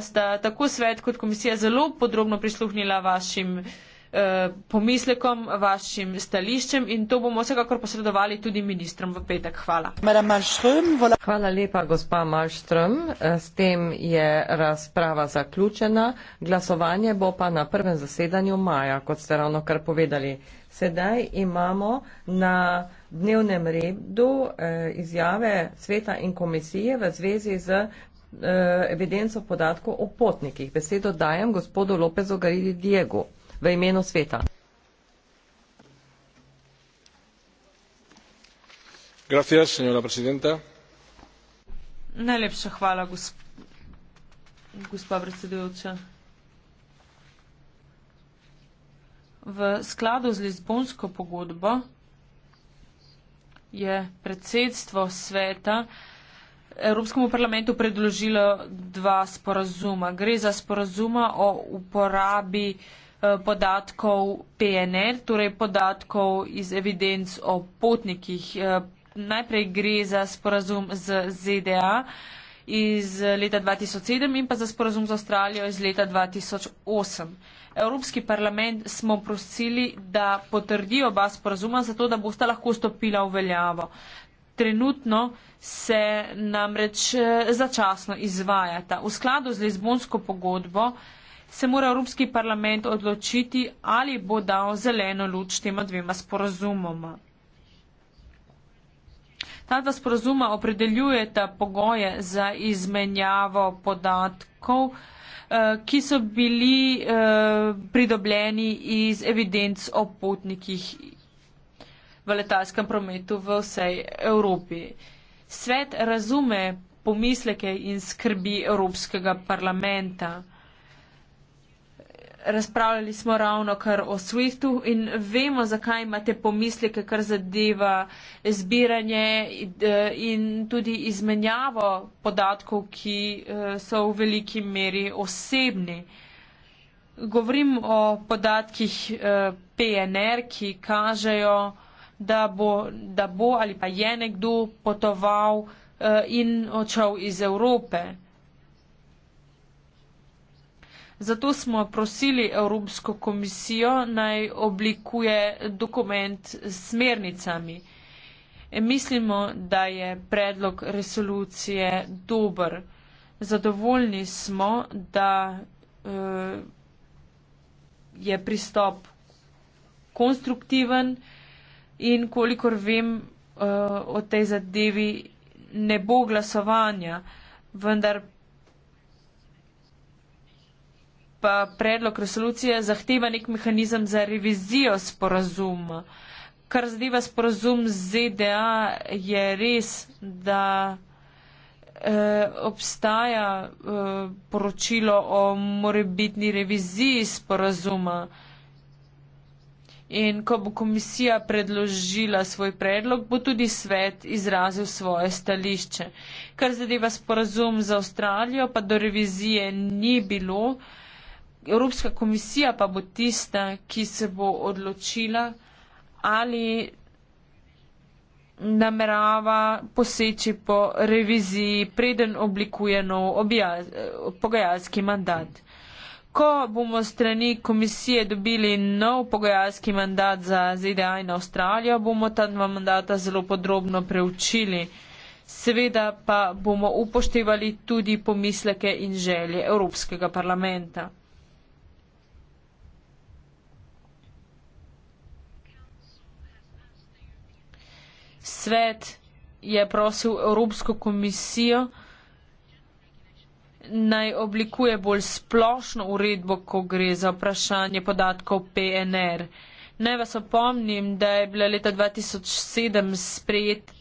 sta tako svet kot komisija zelo podrobno prisluhnila vašim eh, pomislekom, vašim stališčem in to bomo vsekakor posredovali tudi ministrom v petek. Hvala. Hvala lepa, gospa Malström. Eh, s tem je razprava zaključena. Glasovanje bo pa na prvem zasedanju maja, kot ste ravno kar povedali. Sedaj imamo na dnevnem redu eh, izjave sveta in komisije v zvezi z Eh, evidenco podatkov o potnikih. Besedo dajem gospodu Lopezu Garidi Diego v imenu sveta. Gracias, señora presidenta. Najlepša hvala, gosp gospa predsedujoča. V skladu z Lizbonsko pogodbo je predsedstvo sveta uh, Evropskemu parlamentu predložilo dva sporazuma. Gre za sporazuma o uporabi eh, podatkov PNR, torej podatkov iz evidenc o potnikih. Eh, najprej gre za sporazum z ZDA iz eh, leta 2007 in pa za sporazum z Avstralijo iz leta 2008. Evropski parlament smo prosili, da potrdijo oba sporazuma, zato da bosta lahko stopila v veljavo trenutno se namreč eh, začasno izvajata. V skladu z Lizbonsko pogodbo se mora Evropski parlament odločiti, ali bo dal zeleno luč tema dvema sporazumoma. Ta dva sporazuma opredeljujeta pogoje za izmenjavo podatkov, eh, ki so bili eh, pridobljeni iz evidenc o potnikih v letalskem prometu v vsej Evropi. Svet razume pomisleke in skrbi Evropskega parlamenta. Razpravljali smo ravno kar o SWIFT-u in vemo, zakaj imate pomisleke, kar zadeva zbiranje eh, in tudi izmenjavo podatkov, ki eh, so v veliki meri osebni. Govorim o podatkih eh, PNR, ki kažejo, da bo, da bo ali pa je nekdo potoval eh, in odšel iz Evrope. Zato smo prosili Evropsko komisijo naj oblikuje dokument s smernicami. E, mislimo, da je predlog resolucije dober. Zadovoljni smo, da uh, je pristop konstruktiven. In kolikor vem uh, o tej zadevi, ne bo glasovanja, vendar pa predlog resolucije zahteva nek mehanizem za revizijo sporazuma. Kar zadeva sporazum z ZDA, je res, da eh, obstaja eh, poročilo o morebitni reviziji sporazuma. Eh, In ko bo komisija predložila svoj predlog, bo tudi svet izrazil svoje stališče. Kar zadeva sporazum za Avstralijo, pa do revizije ni bilo. Evropska komisija pa bo tista, ki se bo odločila, ali namerava poseči po reviziji, preden oblikuje nov eh, pogajalski mandat. Ko bomo strani komisije dobili nov pogajalski mandat za ZDA in Avstralijo, bomo ta dva mandata zelo podrobno preučili. Seveda pa bomo upoštevali tudi pomisleke in želje Evropskega parlamenta. Svet je prosil Evropsko komisijo, naj oblikuje bolj splošno uredbo, ko gre za vprašanje podatkov PNR. Naj vas opomnim, da je bila leta 2007 sprejet,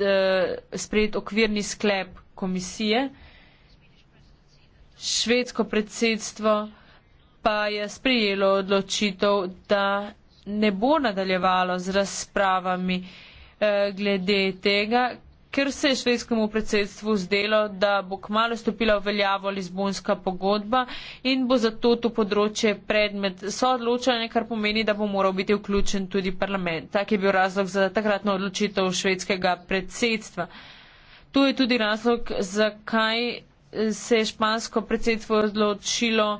eh, sprejet okvirni sklep komisije. Švedsko predsedstvo pa je sprejelo odločitev, da ne bo nadaljevalo z razpravami eh, glede tega, ker se je švedskemu predsedstvu zdelo, da bo kmalo stopila v veljavo Lizbonska pogodba in bo zato to področje predmet soodločanja, kar pomeni, da bo moral biti vključen tudi parlament. Tak je bil razlog za takratno odločitev švedskega predsedstva. To je tudi razlog, zakaj se je špansko predsedstvo odločilo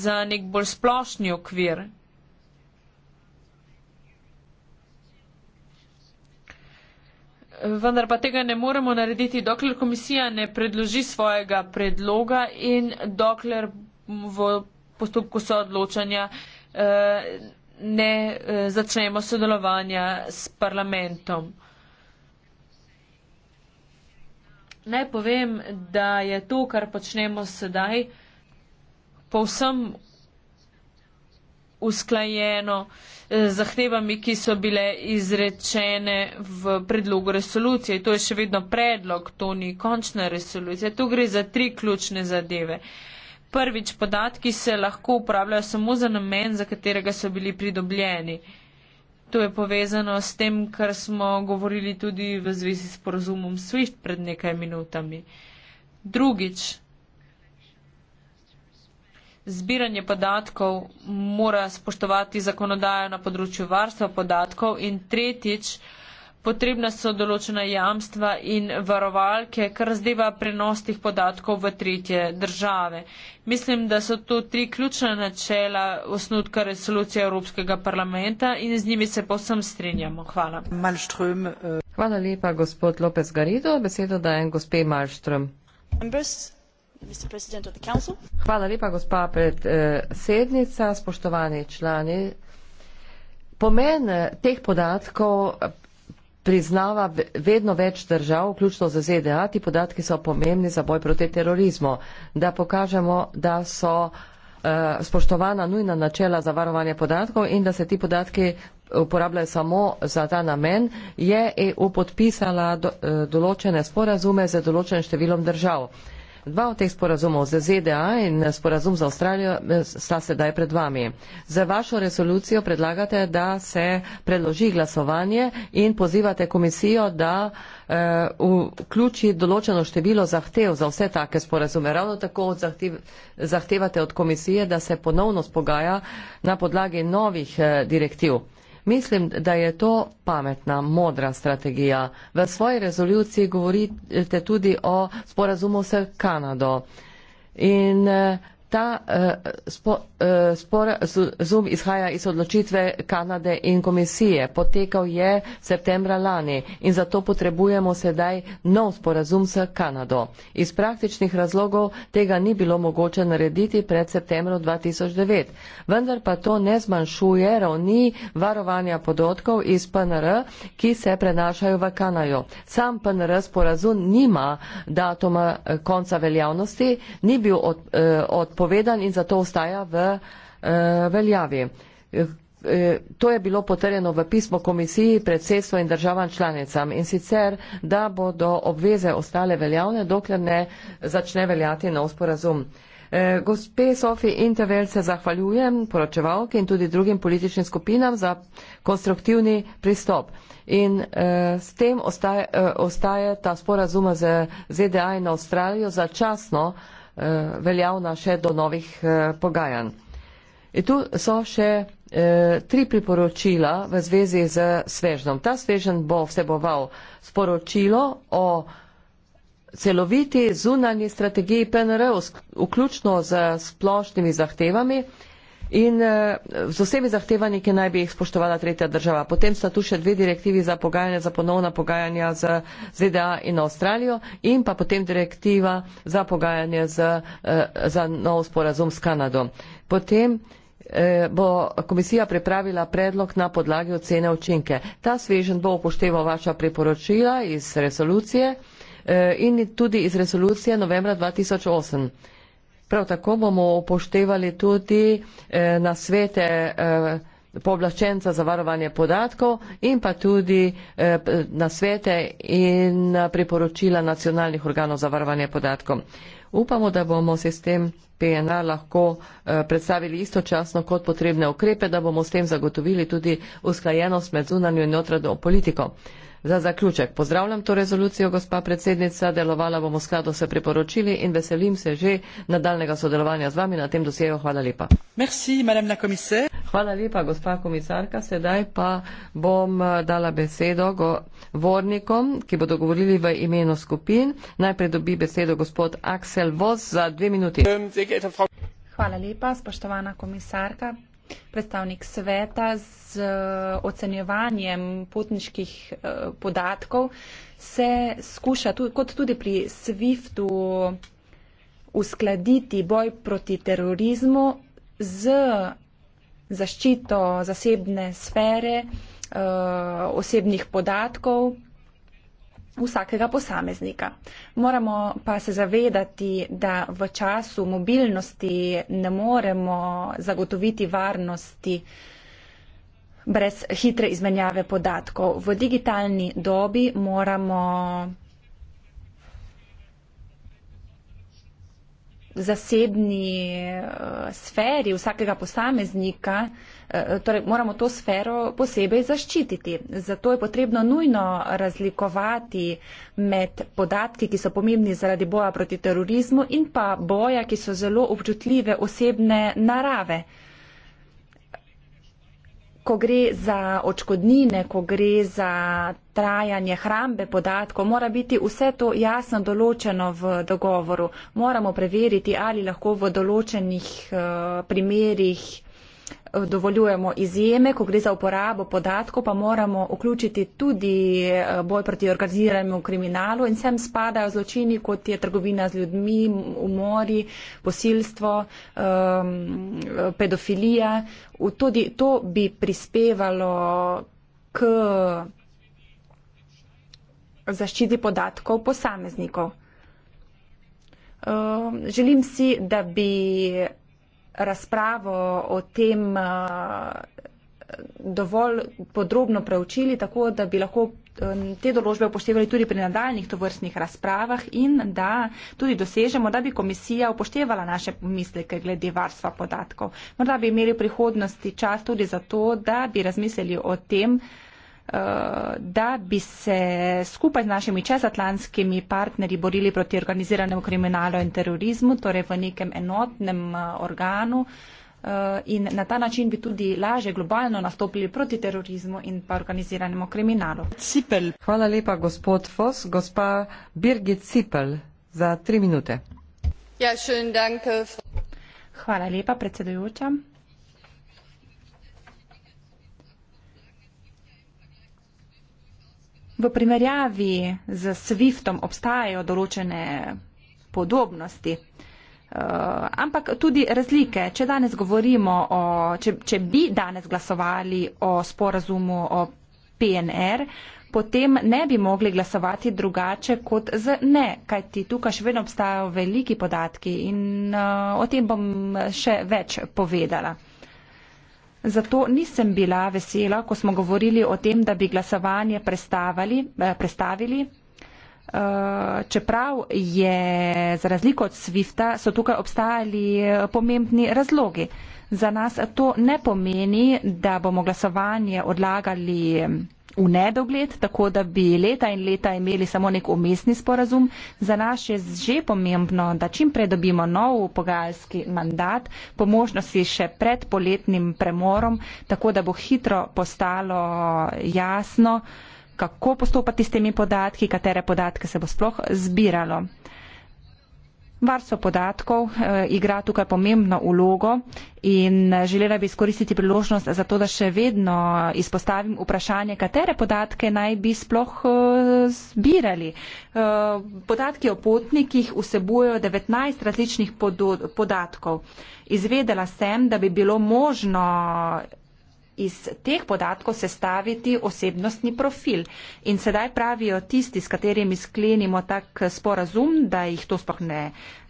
za nek bolj splošni okvir, vendar pa tega ne moremo narediti, dokler komisija ne predloži svojega predloga in dokler v postopku soodločanja eh, ne eh, začnemo sodelovanja s parlamentom. Naj povem, da je to, kar počnemo sedaj, povsem usklajeno eh, z zahtevami, ki so bile izrečene v predlogu resolucije. To je še vedno predlog, to ni končna resolucija. Tu gre za tri ključne zadeve. Prvič, podatki se lahko uporabljajo samo za namen, za katerega so bili pridobljeni. To je povezano s tem, kar smo govorili tudi v zvezi s porozumom SWIFT pred nekaj minutami. Drugič, Zbiranje podatkov mora spoštovati zakonodajo na področju varstva podatkov in tretjič, potrebna so določena jamstva in varovalke, kar zdeva prenos tih podatkov v tretje države. Mislim, da so to tri ključne načela osnutka resolucije Evropskega parlamenta in z njimi se povsem strinjamo. Hvala. Malström, uh... Eh. Hvala lepa, gospod López Garido. Besedo dajem gospe Malström. Ambers? Hvala lepa, gospa predsednica, spoštovani člani. Pomen eh, teh podatkov priznava vedno več držav, vključno z ZDA. Ti podatki so pomembni za boj proti terorizmu, da pokažemo, da so eh, spoštovana nujna načela za varovanje podatkov in da se ti podatki uporabljajo samo za ta namen, je EU podpisala do, eh, določene sporazume z določenim številom držav. Dva od teh sporazumov za ZDA in sporazum za Avstralijo eh, sta sedaj pred vami. Za vašo resolucijo predlagate, da se predloži glasovanje in pozivate komisijo, da eh, vključi določeno število zahtev za vse take sporazume. Ravno tako od zahtev, zahtevate od komisije, da se ponovno spogaja na podlagi novih eh, direktiv. Mislim, da je to pametna, modra strategija. V svoji rezoluciji govorite tudi o sporazumu s Kanado. In eh, Ta eh, eh, zum izhaja iz odločitve Kanade in komisije. Potekal je septembra lani in zato potrebujemo sedaj nov sporazum s Kanado. Iz praktičnih razlogov tega ni bilo mogoče narediti pred septembrom 2009. Vendar pa to ne zmanjšuje ravni varovanja podatkov iz PNR, ki se prenašajo v Kanajo. Sam PNR sporazum nima datuma eh, konca veljavnosti, ni bil odporen. Od prepovedan in zato ostaja v eh, veljavi. Eh, eh, to je bilo potrjeno v pismo komisiji predsedstvo in državam članicam in sicer, da bodo obveze ostale veljavne, dokler ne začne veljati nov sporazum. Gospe Sofi Intervel se zahvaljujem poročevalki in tudi drugim političnim skupinam za konstruktivni pristop. In eh, s tem ostaje, eh, ostaje ta sporazuma z ZDA in Avstralijo začasno eh, Eh, veljavna še do novih eh, pogajanj. In tu so še eh, tri priporočila v zvezi z svežnom. Ta svežen bo vseboval sporočilo o celoviti zunanji strategiji PNR, vključno z splošnimi zahtevami, In eh, z vsemi zahtevanji, ki naj bi jih spoštovala tretja država. Potem sta tu še dve direktivi za pogajanja, za ponovna pogajanja z ZDA in Avstralijo in pa potem direktiva za pogajanje z, eh, za nov sporazum s Kanado. Potem eh, bo komisija pripravila predlog na podlagi ocene učinke. Ta svežen bo upošteval vaša priporočila iz resolucije in tudi iz resolucije novembra 2008. Prav tako bomo upoštevali tudi eh, nasvete eh, povlaščenca za varovanje podatkov in pa tudi eh, nasvete in eh, priporočila nacionalnih organov za varovanje podatkov. Upamo, da bomo sistem PNA lahko eh, predstavili istočasno kot potrebne ukrepe, da bomo s tem zagotovili tudi usklajenost med zunanjo in notranjo politiko. Eh, Za zaključek pozdravljam to rezolucijo, gospa predsednica, delovala bomo skladu se priporočili in veselim se že nadaljnega sodelovanja z vami na tem dosjeju. Hvala lepa. Merci, Hvala lepa, gospa komisarka. Sedaj pa bom eh, dala besedo govornikom, ki bodo govorili v imenu skupin. Najprej dobi besedo gospod Aksel Voz za dve minuti. Hvala lepa, spoštovana komisarka predstavnik sveta z eh, ocenjevanjem potniških eh, podatkov, se skuša, kot tudi pri SWIFT-u, uskladiti boj proti terorizmu z zaščito zasebne sfere, eh, osebnih podatkov vsakega posameznika. Moramo pa se zavedati, da v času mobilnosti ne moremo zagotoviti varnosti brez hitre izmenjave podatkov. V digitalni dobi moramo zasebni eh, sferi vsakega posameznika Eh, torej moramo to sfero posebej zaščititi. Zato je potrebno nujno razlikovati med podatki, ki so pomembni zaradi boja proti terorizmu in pa boja, ki so zelo občutljive osebne narave. Ko gre za očkodnine, ko gre za trajanje hrambe podatkov, mora biti vse to jasno določeno v dogovoru. Moramo preveriti, ali lahko v določenih uh, eh, primerjih dovoljujemo izjeme, ko gre za uporabo podatkov, pa moramo vključiti tudi eh, boj proti organiziranemu kriminalu in sem spadajo zločini, kot je trgovina z ljudmi, umori, posilstvo, pedofilija. Tudi to bi prispevalo k zaščiti podatkov posameznikov. Želim si, da bi razpravo o tem eh, dovolj podrobno preučili, tako da bi lahko eh, te določbe upoštevali tudi pri nadaljnih tovrstnih razpravah in da tudi dosežemo, da bi komisija upoštevala naše pomisleke glede varstva podatkov. Morda bi imeli v prihodnosti čas tudi za to, da bi razmislili o tem, da bi se skupaj z našimi čezatlantskimi partnerji borili proti organiziranemu kriminalu in terorizmu, torej v nekem enotnem eh, organu eh, in na ta način bi tudi laže globalno nastopili proti terorizmu in pa organiziranemu kriminalu. Cipel. Hvala lepa, gospod Fos. Gospa Birgit Cipel za tri minute. Ja, Hvala lepa, predsedujoča. V primerjavi z Swiftom obstajajo določene podobnosti, eh, ampak tudi razlike. Če, danes o, če, če bi danes glasovali o sporazumu o PNR, potem ne bi mogli glasovati drugače kot z ne, kajti tukaj še vedno obstajajo veliki podatki in eh, o tem bom še več povedala. Zato nisem bila vesela, ko smo govorili o tem, da bi glasovanje eh, prestavili. Eh, čeprav je za razliko od Swifta, so tukaj obstajali eh, pomembni razlogi. Za nas to ne pomeni, da bomo glasovanje odlagali v nedogled, tako da bi leta in leta imeli samo nek umestni sporazum. Za nas je že pomembno, da čim prej dobimo nov pogajalski mandat, po možnosti še pred poletnim premorom, tako da bo hitro postalo jasno, kako postopati s temi podatki, katere podatke se bo sploh zbiralo. Varstvo podatkov eh, igra tukaj pomembno ulogo in eh, želela bi izkoristiti priložnost za to, da še vedno eh, izpostavim vprašanje, katere podatke naj bi sploh zbirali. Podatki o potnikih vsebujejo 19 različnih podatkov. Izvedela sem, da bi bilo možno iz teh podatkov sestaviti osebnostni profil. In sedaj pravijo tisti, s katerimi sklenimo tak sporazum, da jih to sploh ne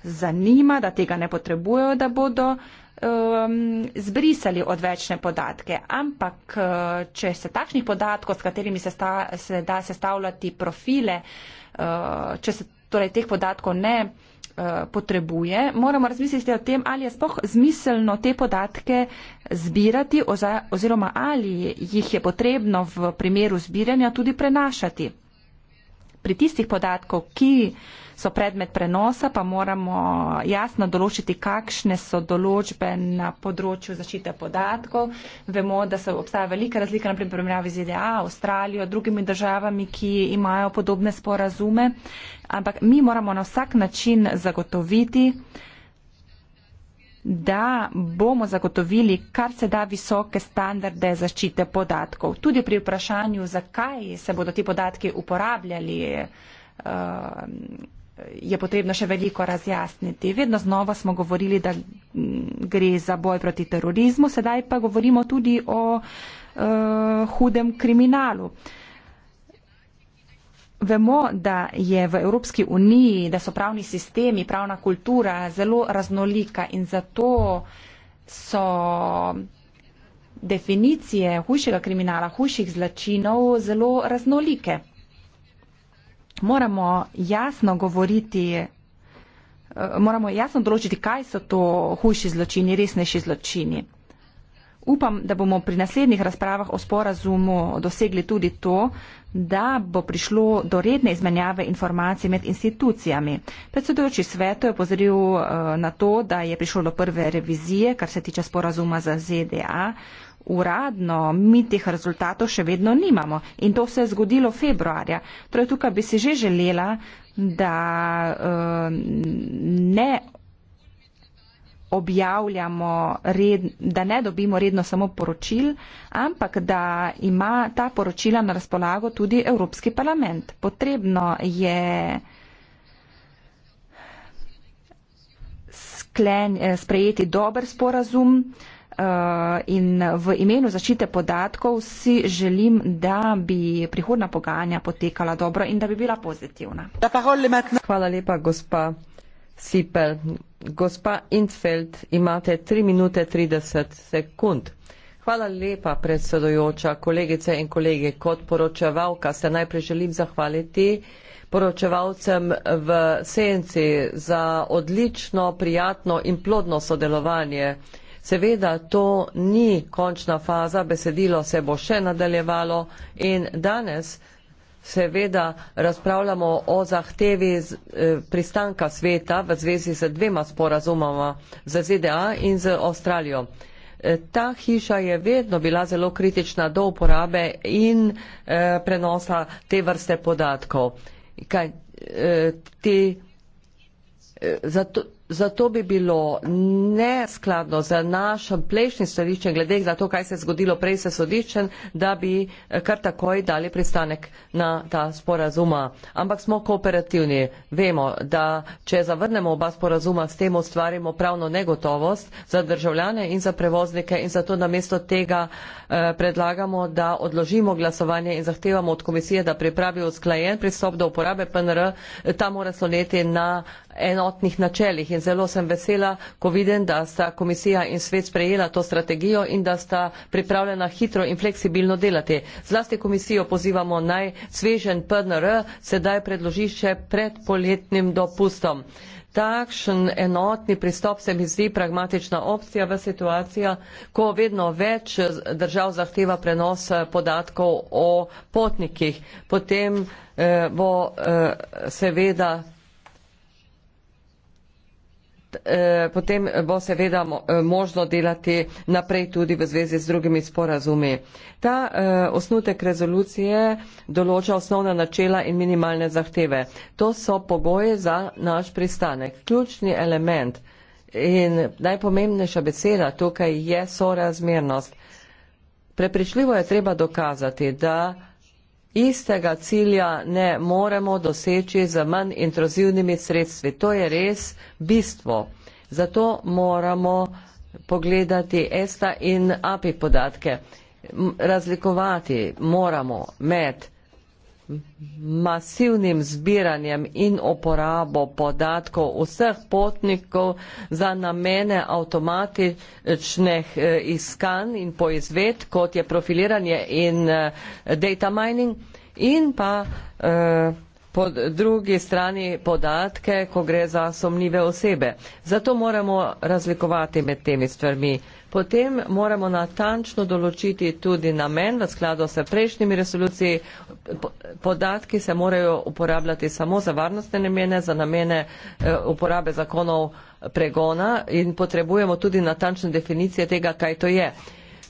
zanima, da tega ne potrebujejo, da bodo um, zbrisali odvečne podatke. Ampak, uh, če se takšnih podatkov, s katerimi se, sta, se da sestavljati profile, uh, če se torej teh podatkov ne Eh, potrebuje, moramo razmisliti o tem, ali je spoh zmiselno te podatke zbirati oziroma ali jih je potrebno v primeru zbiranja tudi prenašati. Pri tistih podatkov, ki so predmet prenosa, pa moramo jasno določiti, kakšne so določbe na področju zaščite podatkov. Vemo, da se obstaja velika razlika, naprimer, primerjavi z ZDA, Avstralijo, drugimi državami, ki imajo podobne sporazume, ampak mi moramo na vsak način zagotoviti, da bomo zagotovili kar se da visoke standarde zaščite podatkov. Tudi pri vprašanju, zakaj se bodo ti podatki uporabljali, uh, je potrebno še veliko razjasniti. Vedno znova smo govorili, da mm, gre za boj proti terorizmu, sedaj pa govorimo tudi o uh, hudem kriminalu. Vemo, da je v Evropski uniji, da so pravni sistemi, pravna kultura zelo raznolika in zato so definicije hujšega kriminala, hujših zločinov zelo raznolike moramo jasno govoriti, eh, moramo jasno določiti, kaj so to hujši zločini, resnejši zločini. Upam, da bomo pri naslednjih razpravah o sporazumu dosegli tudi to, da bo prišlo do redne izmenjave informacij med institucijami. Predsedujoči svetu je pozoril eh, na to, da je prišlo do prve revizije, kar se tiče sporazuma za ZDA uradno mi teh rezultatov še vedno nimamo. In to se je zgodilo februarja. Torej, tukaj bi si že želela, da uh, ne objavljamo, red, da ne dobimo redno samo poročil, ampak da ima ta poročila na razpolago tudi Evropski parlament. Potrebno je sklen, eh, sprejeti dober sporazum, uh, Eh, in v imenu zaščite podatkov si želim, da bi prihodna pogajanja potekala dobro in da bi bila pozitivna. Hvala lepa, gospa Sipel. Gospa Intfeld, imate 3 minute 30 sekund. Hvala lepa, predsedojoča, kolegice in kolege. Kot poročevalka se najprej želim zahvaliti poročevalcem v senci za odlično, prijatno in plodno sodelovanje. Seveda to ni končna faza, besedilo se bo še nadaljevalo in danes seveda razpravljamo o zahtevi eh, pristanka sveta v zvezi z dvema sporazumama z ZDA in z Avstralijo. Eh, ta hiša je vedno bila zelo kritična do uporabe in eh, prenosa te vrste podatkov. Kaj, te, zato, zato bi bilo neskladno z našim plešnim stališčem glede na to, kaj se je zgodilo prej s sodiščem, da bi eh, kar takoj dali pristanek na ta sporazuma. Ampak smo kooperativni. Vemo, da če zavrnemo oba sporazuma, s tem ustvarimo pravno negotovost za državljane in za prevoznike in zato namesto tega eh, predlagamo, da odložimo glasovanje in zahtevamo od komisije, da pripravi usklajen pristop do uporabe PNR. Ta mora sloneti na enotnih načelih in zelo sem vesela, ko vidim, da sta komisija in svet sprejela to strategijo in da sta pripravljena hitro in fleksibilno delati. Zlasti komisijo pozivamo naj svežen PNR sedaj predloži še pred poletnim dopustom. Takšen enotni pristop se mi zdi pragmatična opcija v situaciji, ko vedno več držav zahteva prenos eh, podatkov o potnikih. Potem eh, bo eh, seveda Eh, potem bo seveda eh, možno delati naprej tudi v zvezi z drugimi sporazumi. Ta eh, osnutek rezolucije določa osnovna načela in minimalne zahteve. To so pogoje za naš pristanek. Ključni element in najpomembnejša beseda tukaj je sorazmernost. Preprečljivo je treba dokazati, da istega cilja ne moremo doseči z manj intruzivnimi sredstvi. To je res bistvo. Zato moramo pogledati ESTA in API podatke. Razlikovati moramo med masivnim zbiranjem in uporabo podatkov vseh potnikov za namene avtomatičnih eh, iskanj in poizved, kot je profiliranje in eh, data mining in pa eh, po drugi strani podatke, ko gre za sumljive osebe. Zato moramo razlikovati med temi stvarmi. Potem moramo natančno določiti tudi namen v skladu s prejšnjimi resoluciji. Podatki se morajo uporabljati samo za varnostne namene, za namene eh, uporabe zakonov pregona in potrebujemo tudi natančne definicije tega, kaj to je.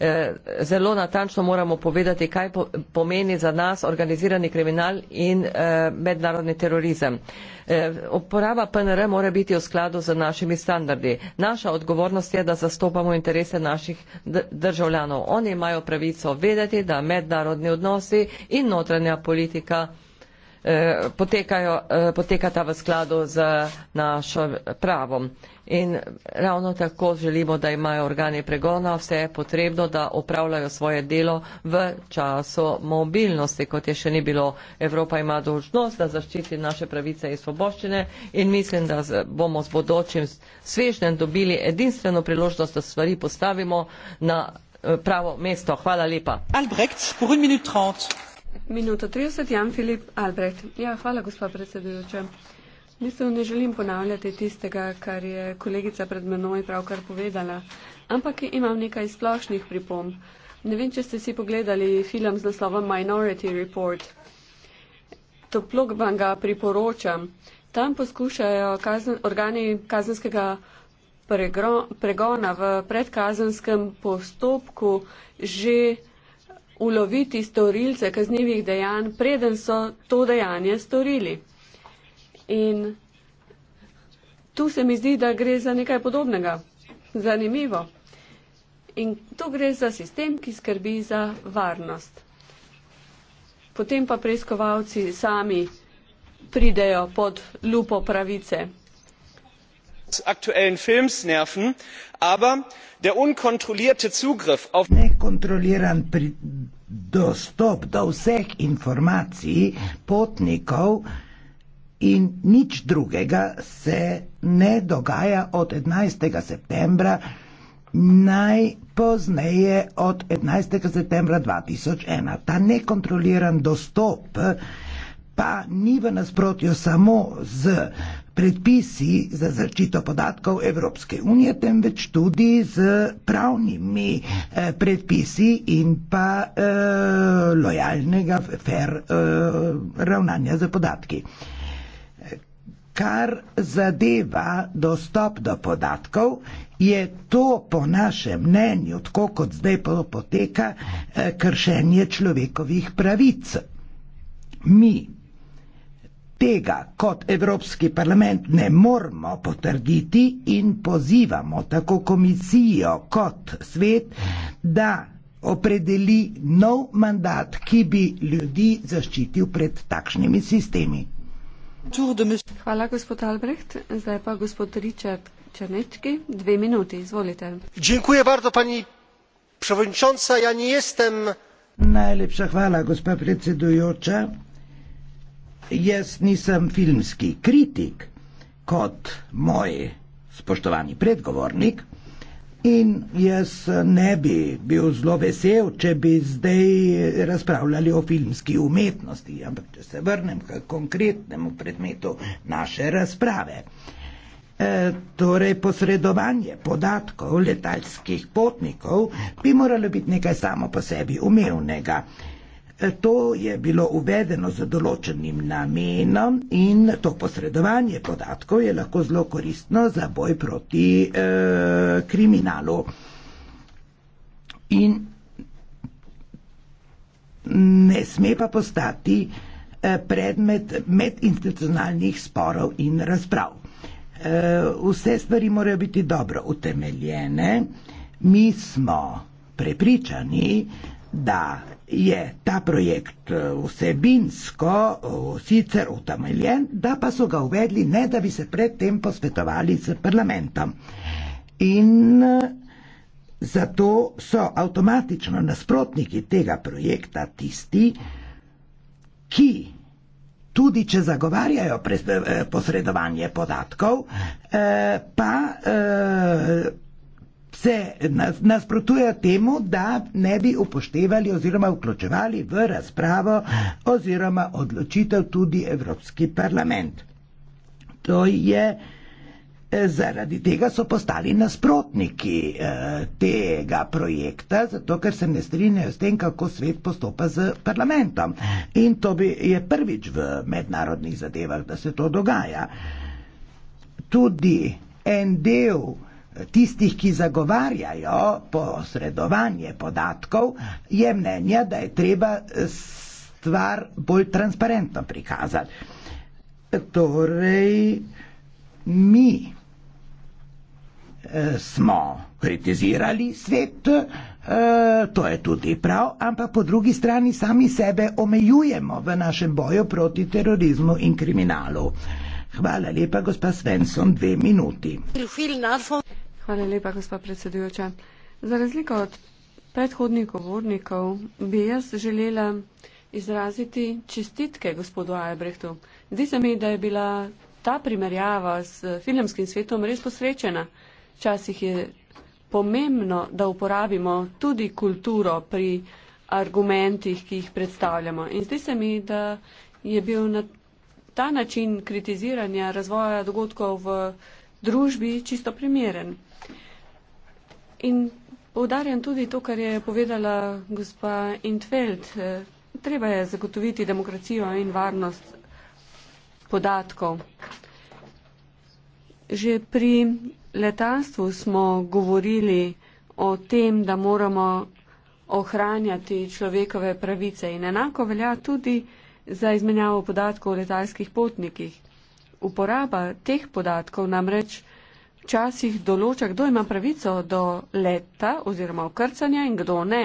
Eh, zelo natančno moramo povedati, kaj pomeni za nas organizirani kriminal in eh, mednarodni terorizem. Eh, uporaba PNR mora biti v skladu z našimi standardi. Naša odgovornost je, da zastopamo interese naših državljanov. Oni imajo pravico vedeti, da mednarodni odnosi in notranja politika potekajo, potekata v skladu z našo pravom. In ravno tako želimo, da imajo organi pregona vse potrebno, da opravljajo svoje delo v času mobilnosti, kot je še ni bilo. Evropa ima dožnost, da zaščiti naše pravice in svoboščine in mislim, da bomo s bodočim svežnjem dobili edinstveno priložnost, da stvari postavimo na eh, pravo mesto. Hvala lepa. Albrecht, por minuto 30. Minuto 30, Jan Filip Albrecht. Ja, hvala, gospod predsedujoče. Mislim, ne želim ponavljati tistega, kar je kolegica pred menoj pravkar povedala, ampak imam nekaj splošnih pripomb. Ne vem, če ste si pogledali film z naslovom Minority Report. Toplog vam ga priporočam. Tam poskušajo kazen, organi kazenskega pregro, pregona v predkazenskem postopku že uloviti storilce kaznjivih dejanj, preden so to dejanje storili. In tu se mi zdi, da gre za nekaj podobnega, zanimivo. In tu gre za sistem, ki skrbi za varnost. Potem pa preiskovalci sami pridejo pod lupo pravice. Nerven, aber der unkontrollierte Zugriff auf Nekontroliran pri dostop do vseh informacij potnikov in nič drugega se ne dogaja od 11. septembra, najpozneje od 11. septembra 2001. Ta nekontroliran dostop pa ni v nasprotju samo z predpisi za zaščito podatkov Evropske unije, temveč tudi z pravnimi eh, predpisi in pa eh, lojalnega fair eh, ravnanja za podatki. Eh, kar zadeva dostop do podatkov, je to po našem mnenju, tako kot zdaj poteka, eh, kršenje človekovih pravic. Mi tega kot Evropski parlament ne moramo potrditi in pozivamo tako komisijo kot svet, da opredeli nov mandat, ki bi ljudi zaščitil pred takšnimi sistemi. Hvala, gospod Albrecht. Zdaj pa gospod Richard Črnečki. Dve minuti, izvolite. Dziękuję bardzo, pani przewodnicząca. Ja nie jestem. Najlepša hvala, gospa predsedujoča. Jaz nisem filmski kritik kot moj spoštovani predgovornik. In jaz eh, ne bi bil zelo vesel, če bi zdaj razpravljali o filmski umetnosti, ampak če se vrnem k konkretnemu predmetu naše razprave. E, torej, posredovanje podatkov letalskih potnikov bi moralo biti nekaj samo po sebi umevnega. E, to je bilo uvedeno z določenim namenom in to posredovanje podatkov je lahko zelo koristno za boj proti eh, kriminalu. In ne sme pa postati e, predmet medinstitucionalnih sporov in razprav. E, vse stvari morajo biti dobro utemeljene. Mi smo prepričani, da je ta projekt eh, vsebinsko eh, sicer utemeljen, da pa so ga uvedli, ne da bi se predtem posvetovali z parlamentom. In eh, zato so avtomatično nasprotniki tega projekta tisti, ki tudi če zagovarjajo posredovanje podatkov, pa se nas, nasprotujejo temu, da ne bi upoštevali oziroma vključevali v razpravo oziroma odločitev tudi Evropski parlament. To je eh, zaradi tega so postali nasprotniki eh, tega projekta, zato ker se ne strinjajo s tem, kako svet postopa z parlamentom. In to bi, je prvič v mednarodnih zadevah, da se to dogaja. Tudi en del tistih, ki zagovarjajo posredovanje podatkov, je mnenja, da je treba eh, stvar bolj transparentno prikazati. Torej, mi eh, smo kritizirali svet, eh, to je tudi prav, ampak po drugi strani sami sebe omejujemo v našem boju proti terorizmu in kriminalu. Hvala lepa, gospa Svensson, dve minuti. Hvala lepa, gospa predsedujoča. Za razliko od predhodnih govornikov bi jaz želela izraziti čestitke gospodu Albrehtu. Zdi se mi, da je bila ta primerjava s filmskim svetom res posrečena. Včasih je pomembno, da uporabimo tudi kulturo pri argumentih, ki jih predstavljamo. In zdi se mi, da je bil na ta način kritiziranja razvoja dogodkov v družbi čisto primeren. In poudarjam tudi to, kar je povedala gospa Intfeld. Eh, treba je zagotoviti demokracijo in varnost podatkov. Že pri letalstvu smo govorili o tem, da moramo ohranjati človekove pravice in enako velja tudi za izmenjavo podatkov o letalskih potnikih. Uporaba teh podatkov namreč včasih določa, kdo ima pravico do leta oziroma okrcanja in kdo ne.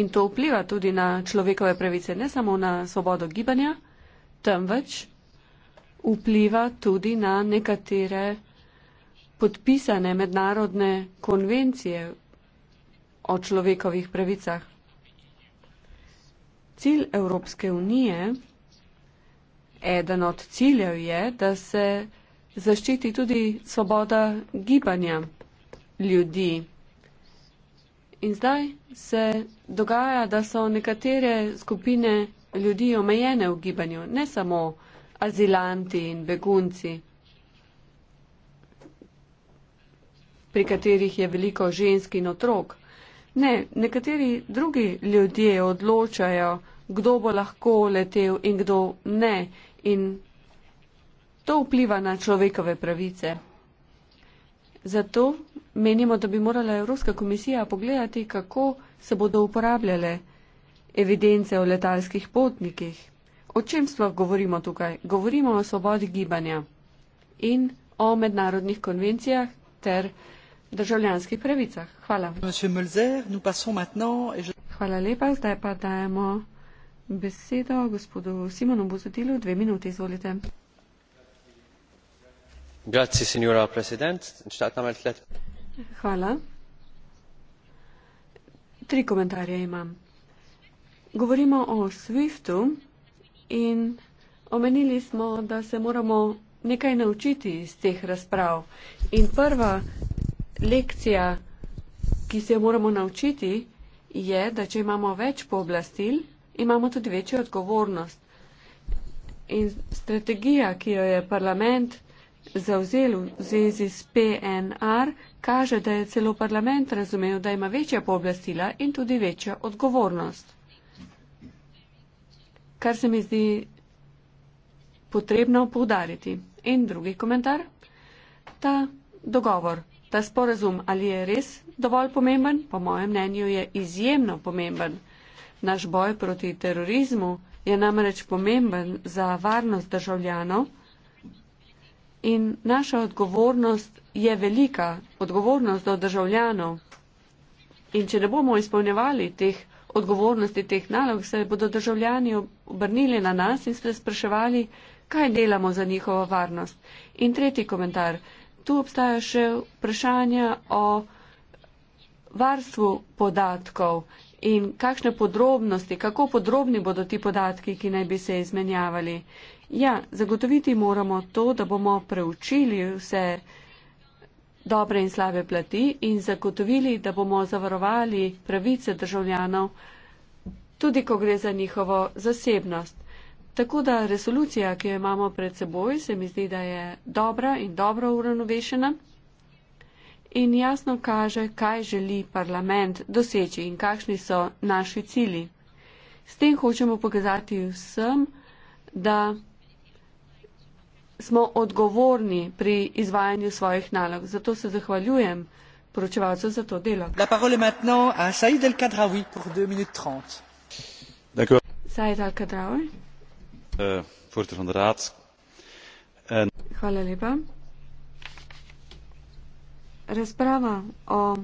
In to vpliva tudi na človekove pravice, ne samo na svobodo gibanja, temveč vpliva tudi na nekatere podpisane mednarodne konvencije o človekovih pravicah. Cilj Evropske unije, eden od ciljev je, da se zaščiti tudi svoboda gibanja ljudi. In zdaj se dogaja, da so nekatere skupine ljudi omejene v gibanju, ne samo azilanti in begunci, pri katerih je veliko žensk in otrok. Ne, nekateri drugi ljudje odločajo, kdo bo lahko letel in kdo ne. In To vpliva na človekove pravice. Zato menimo, da bi morala Evropska komisija pogledati, kako se bodo uporabljale evidence o letalskih potnikih. O čem sploh govorimo tukaj? Govorimo o svobodi gibanja in o mednarodnih konvencijah ter državljanskih pravicah. Hvala. Hvala lepa. Zdaj pa dajemo besedo gospodu Simonu Buzetilu. Dve minuti, izvolite tri komentarje imam. Govorimo o SWIFT-u in omenili smo, da se moramo nekaj naučiti iz teh razprav. In prva lekcija, ki se jo moramo naučiti, je, da če imamo več pooblastil, imamo tudi večjo odgovornost. In strategija, ki jo je parlament zauzel v zvezi s PNR, kaže, da je celo parlament razumel, da ima večja pooblastila in tudi večjo odgovornost. Kar se mi zdi potrebno poudariti. In drugi komentar. Ta dogovor, ta sporazum, ali je res dovolj pomemben? Po mojem mnenju je izjemno pomemben. Naš boj proti terorizmu je namreč pomemben za varnost državljanov in naša odgovornost je velika, odgovornost do državljanov. In če ne bomo izpolnjevali teh odgovornosti, teh nalog, se bodo državljani obrnili na nas in se spraševali, kaj delamo za njihovo varnost. In tretji komentar. Tu obstaja še vprašanje o varstvu podatkov in kakšne podrobnosti, kako podrobni bodo ti podatki, ki naj bi se izmenjavali. Ja, zagotoviti moramo to, da bomo preučili vse dobre in slabe plati in zagotovili, da bomo zavarovali pravice državljanov, tudi ko gre za njihovo zasebnost. Tako da resolucija, ki jo imamo pred seboj, se mi zdi, da je dobra in dobro uravnovešena in jasno kaže, kaj želi parlament doseči in kakšni so naši cili. S tem hočemo pokazati vsem, da smo odgovorni pri izvajanju svojih nalog. Zato se zahvaljujem poročevalcu za to delo. Euh, Hvala lepa. Razprava o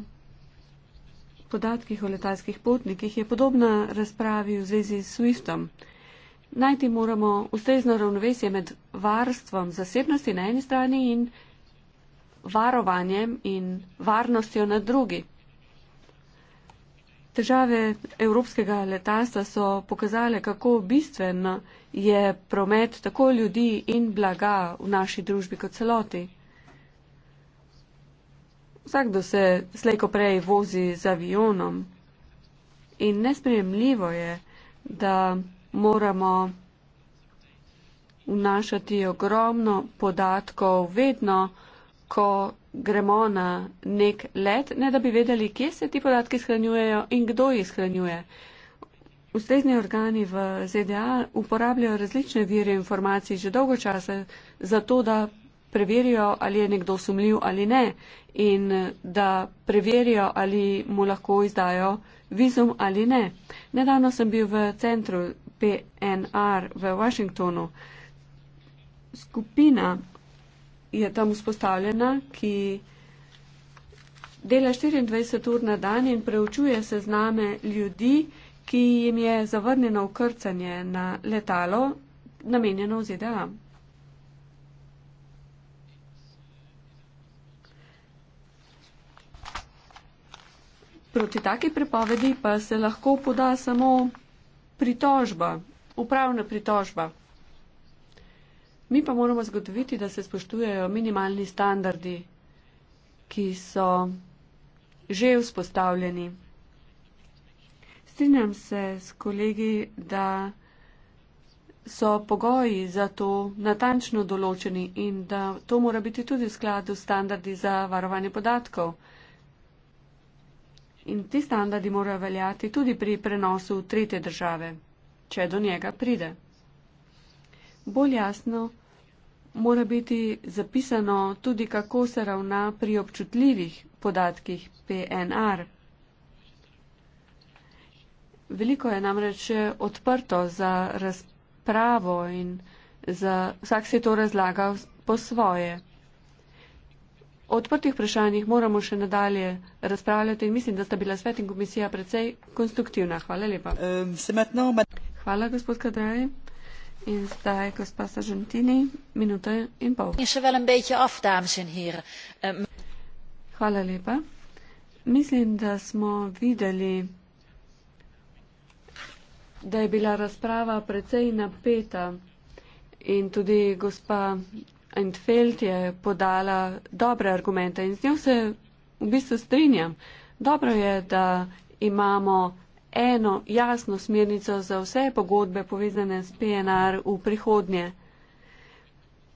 podatkih o letalskih potnikih je podobna razpravi v zvezi s SWIFT-om najti moramo ustrezno ravnovesje med varstvom zasebnosti na eni strani in varovanjem in varnostjo na drugi. Težave evropskega letalstva so pokazale, kako bistven je promet tako ljudi in blaga v naši družbi kot celoti. Vsakdo se slejko prej vozi z avionom in nespremljivo je, da moramo vnašati ogromno podatkov vedno, ko gremo na nek let, ne da bi vedeli, kje se ti podatki shranjujejo in kdo jih shranjuje. Ustrezni organi v ZDA uporabljajo različne vire informacij že dolgo časa za to, da preverijo, ali je nekdo sumljiv ali ne in da preverijo, ali mu lahko izdajo vizum ali ne. Nedavno sem bil v centru PNR v Washingtonu. Skupina je tam vzpostavljena, ki dela 24 ur na dan in preučuje sezname ljudi, ki jim je zavrnjeno ukrcanje na letalo, namenjeno v ZDA. Proti taki prepovedi pa se lahko poda samo pritožba, upravna pritožba. Mi pa moramo zagotoviti, da se spoštujejo minimalni standardi, ki so že vzpostavljeni. Strinjam se s kolegi, da so pogoji za to natančno določeni in da to mora biti tudi v skladu s standardi za varovanje podatkov. In ti standardi morajo veljati tudi pri prenosu v tretje države, če do njega pride. Bolj jasno mora biti zapisano tudi, kako se ravna pri občutljivih podatkih PNR. Veliko je namreč odprto za razpravo in za vsak se to razlaga po svoje. O odprtih vprašanjih moramo še nadalje razpravljati in mislim, da sta bila svet in komisija precej konstruktivna. Hvala lepa. Hvala, gospod Kadraj. In zdaj, gospa Sažantini, minuto in pol. Hvala lepa. Mislim, da smo videli, da je bila razprava precej napeta in tudi gospa Enfeld je podala dobre argumente in z njo se v bistvu strinjam. Dobro je, da imamo eno jasno smernico za vse pogodbe povezane s PNR v prihodnje.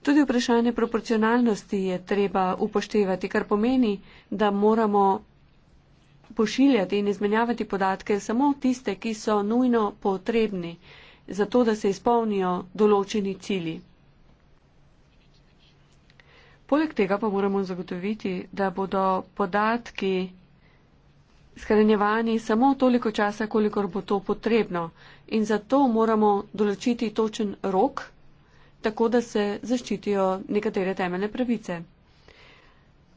Tudi vprašanje proporcionalnosti je treba upoštevati, kar pomeni, da moramo pošiljati in izmenjavati podatke samo tiste, ki so nujno potrebni za to, da se izpolnijo določeni cilji. Poleg tega pa moramo zagotoviti, da bodo podatki skrenjevani samo toliko časa, kolikor bo to potrebno. In zato moramo določiti točen rok, tako da se zaščitijo nekatere temeljne pravice.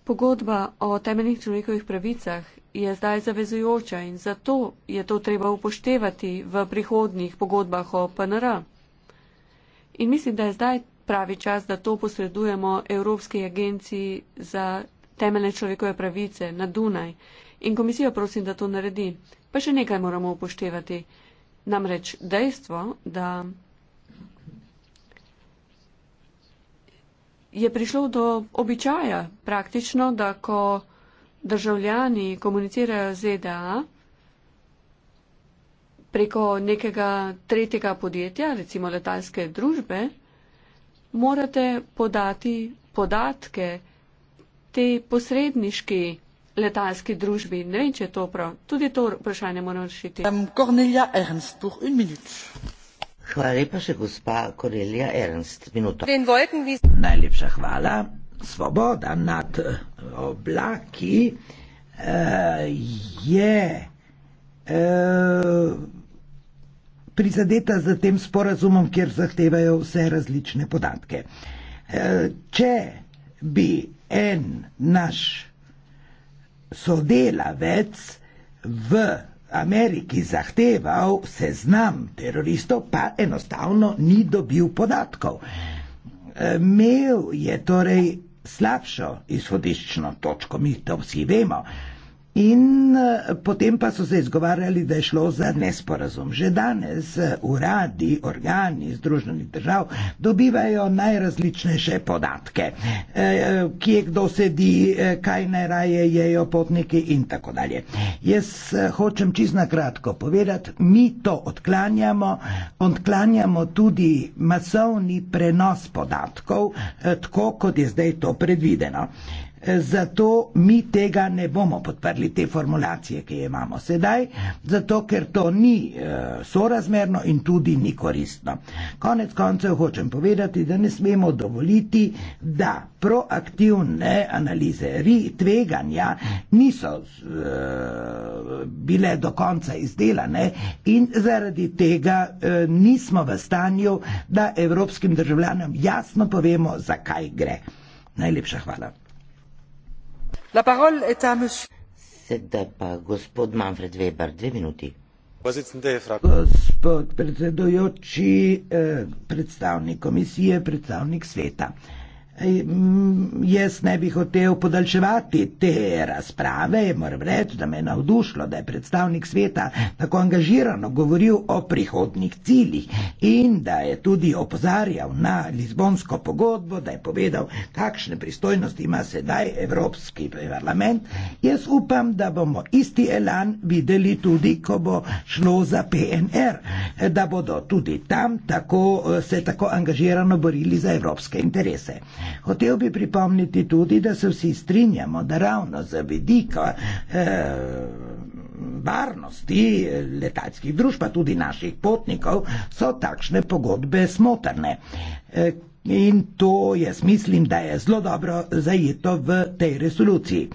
Pogodba o temeljnih človekovih pravicah je zdaj zavezujoča in zato je to treba upoštevati v prihodnjih pogodbah o PNR. In mislim, da je zdaj pravi čas, da to posredujemo Evropski agenciji za temeljne človekove pravice na Dunaj. In komisijo prosim, da to naredi. Pa še nekaj moramo upoštevati. Namreč dejstvo, da je prišlo do običaja praktično, da ko državljani komunicirajo z ZDA e preko nekega tretjega podjetja, recimo letalske družbe, morate podati podatke te posredniški letalski družbi. Ne vem, če je to prav. Tudi to vprašanje moram rešiti. Hvala lepa še gospa Kornelija Ernst. Minuto. Najlepša hvala. Svoboda nad eh, oblaki uh, je uh, prizadeta za tem sporazumom, kjer zahtevajo vse različne podatke. E, če bi en naš sodelavec v Ameriki zahteval seznam teroristov, pa enostavno ni dobil podatkov. E, Mev je torej slabšo izhodiščno točko, mi to vsi vemo. In eh, potem pa so se izgovarjali, da je šlo za nesporazum. Že danes eh, uradi, organi Združenih držav dobivajo najrazličnejše podatke, eh, kje kdo sedi, kaj najraje jejo potniki in tako dalje. Jaz hočem čist na kratko povedati, mi to odklanjamo, odklanjamo tudi masovni prenos podatkov, tako kot je zdaj to predvideno. Zato mi tega ne bomo podprli, te formulacije, ki jo imamo sedaj, zato ker to ni e, sorazmerno in tudi ni koristno. Konec koncev hočem povedati, da ne smemo dovoliti, da proaktivne analize tveganja niso e, bile do konca izdelane in zaradi tega e, nismo v stanju, da evropskim državljanom jasno povemo, zakaj gre. Najlepša hvala gospod manfred weber dve minuti gospod predsedujoči eh, predstavnik komisije predstavnik sveta Mm, jaz ne bi hotel podaljševati te razprave, moram reči, da me je navdušilo, da je predstavnik sveta tako angažirano govoril o prihodnih ciljih in da je tudi opozarjal na Lizbonsko pogodbo, da je povedal, kakšne pristojnosti ima sedaj Evropski parlament. Jaz upam, da bomo isti elan videli tudi, ko bo šlo za PNR, da bodo tudi tam tako, eh, se tako angažirano borili za evropske interese. Hotev bi pripomniti tudi, da se vsi strinjamo, da ravno za vidika eh, varnosti letalskih družb, pa tudi naših potnikov, so takšne pogodbe smotrne. Eh, in to jaz mislim, da je zelo dobro zajeto v tej resoluciji.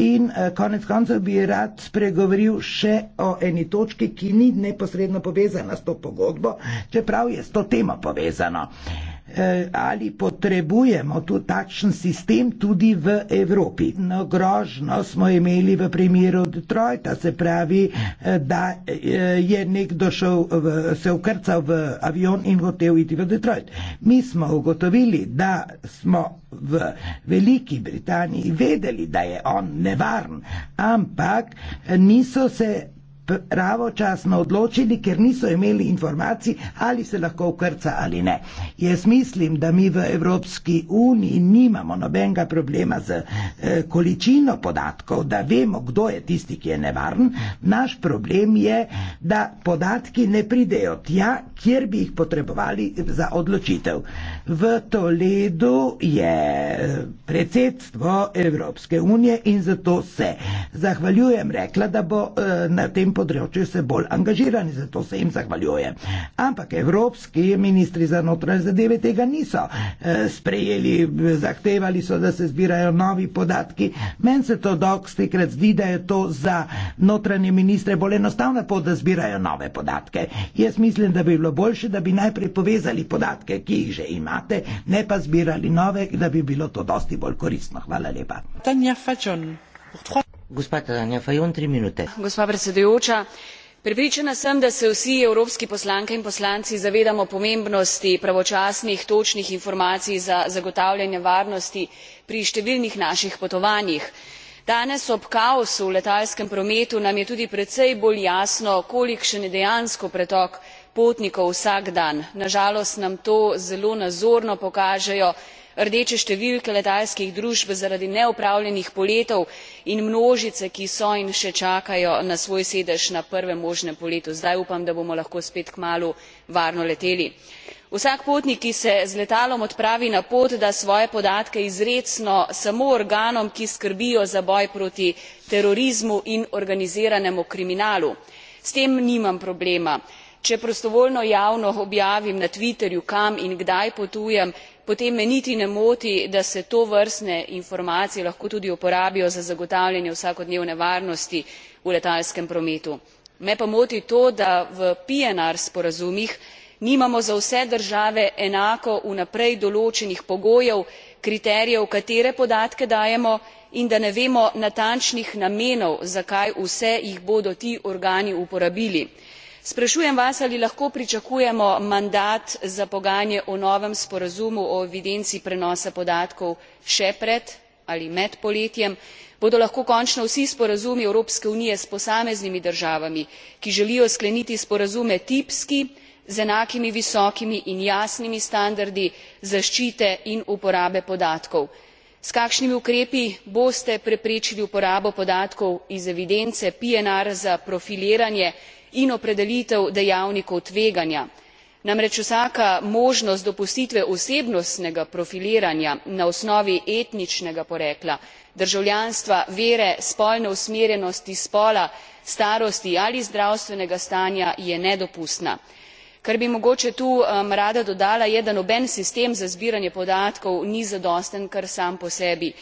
In eh, konec koncev bi rad spregovoril še o eni točki, ki ni neposredno povezana s to pogodbo, čeprav je s to temo povezano. Eh, Eh, ali potrebujemo tu takšen sistem tudi v Evropi. No, grožno smo imeli v primeru Detroita, se pravi, eh, da eh, je nekdo šel, v, se ukrcal v avion in hotel iti v Detroit. Mi smo ugotovili, da smo v Veliki Britaniji vedeli, da je on nevaren, ampak niso se pravočasno odločili, ker niso imeli informacij, ali se lahko ukrca ali ne. Jaz mislim, da mi v Evropski uniji nimamo nobenega problema z eh, količino podatkov, da vemo, kdo je tisti, ki je nevaren. Naš problem je, da podatki ne pridejo tja, kjer bi jih potrebovali za odločitev. V Toledu je eh, predsedstvo Evropske unije in zato se zahvaljujem rekla, da bo eh, na tem področju vse bolj angažirani, zato se jim zahvaljuje. Ampak evropski ministri za notranje zadeve tega niso e, sprejeli, zahtevali so, da se zbirajo novi podatki. Meni se to dokstikrat zdi, da je to za notranje ministre bolj enostavna pot, da zbirajo nove podatke. Jaz mislim, da bi bilo boljše, da bi najprej povezali podatke, ki jih že imate, ne pa zbirali nove, da bi bilo to dosti bolj koristno. Hvala lepa. Tanja Fajon. 3 gospa predsedujoča prepričana sem da se vsi evropski poslanke in poslanci zavedamo pomembnosti pravočasnih točnih informacij za zagotavljanje varnosti pri številnih naših potovanjih. danes ob kaosu v letalskem prometu nam je tudi precej bolj jasno kolikšen je dejansko pretok potnikov vsak dan. na žalost nam to zelo nazorno pokažejo številne evropske države rdeče številke letalskih družb zaradi neopravljenih poletov in množice ki so in še čakajo na svoj sedež na prvem možnem poletu. zdaj upam da bomo lahko spet kmalu varno leteli. vsak potnik ki se z letalom odpravi na pot da svoje podatke izrecno samo organom ki skrbijo za boj proti terorizmu in organiziranemu kriminalu. s tem nimam problema. če prostovoljno javno objavim na twitterju kam in kdaj potujem potem me niti ne moti da se tovrstne informacije lahko tudi uporabijo za zagotavljanje vsakodnevne varnosti v letalskem prometu. me pa moti to da v pnr sporazumih nimamo za vse države enako vnaprej določenih pogojev kriterijev katere podatke dajemo in da ne vemo natančnih namenov za kaj vse jih bodo ti organi uporabili sprašujem vas ali lahko pričakujemo mandat za pogajanja o novem sporazumu o evidenci prenosa podatkov še pred ali med poletjem bodo lahko končno vsi sporazumi evropske unije s posameznimi državami ki želijo skleniti sporazume tipski z enakimi visokimi in jasnimi standardi zaščite in uporabe podatkov s kakšnimi ukrepi boste preprečili uporabo podatkov iz evidence pnr za profiliranje in opredelitev dejavnikov tveganja namreč vsaka možnost dopustitve osebnostnega profiliranja na osnovi etničnega porekla državljanstva vere spolne usmerjenosti spola starosti ali zdravstvenega stanja je nedopustna. kar bi mogoče tu rada dodala je da noben sistem za zbiranje podatkov ni zadosten kar sam po sebi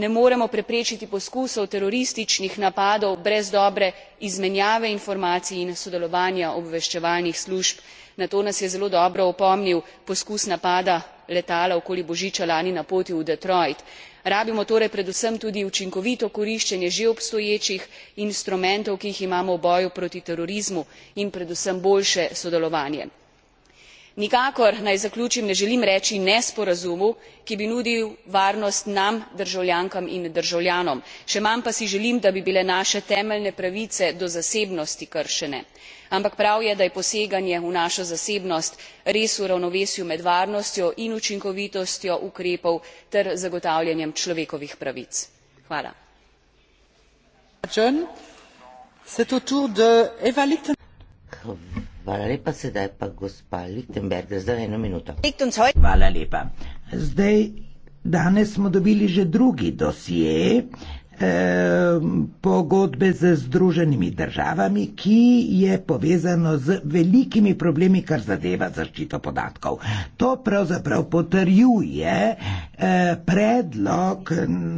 ne moremo preprečiti poskusov terorističnih napadov brez dobre izmenjave informacij in sodelovanja obveščevalnih služb na to nas je zelo dobro opomnil poskus napada letala okoli božiča lani na poti v detroit rabimo torej predvsem tudi učinkovito koriščenje že obstoječih instrumentov ki jih imamo v boju proti terorizmu in predvsem boljše sodelovanje nikakor naj zaključim ne želim reči nesporazumu ki bi nudil varnost nam državljankam in državljanom še manj pa si želim da bi bile naše temeljne pravice do zasebnosti kršene ampak prav je da je poseganje v našo zasebnost res v ravnovesju med varnostjo in učinkovitostjo ukrepov ter zagotavljanjem človekovih pravic. Hvala lepa, sedaj pa gospa Lichtenberger za eno minuto. Hvala lepa. Zdaj, danes smo dobili že drugi dosje pogodbe z Združenimi državami, ki je povezano z velikimi problemi, kar zadeva zaščito podatkov. To pravzaprav potrjuje e, predlog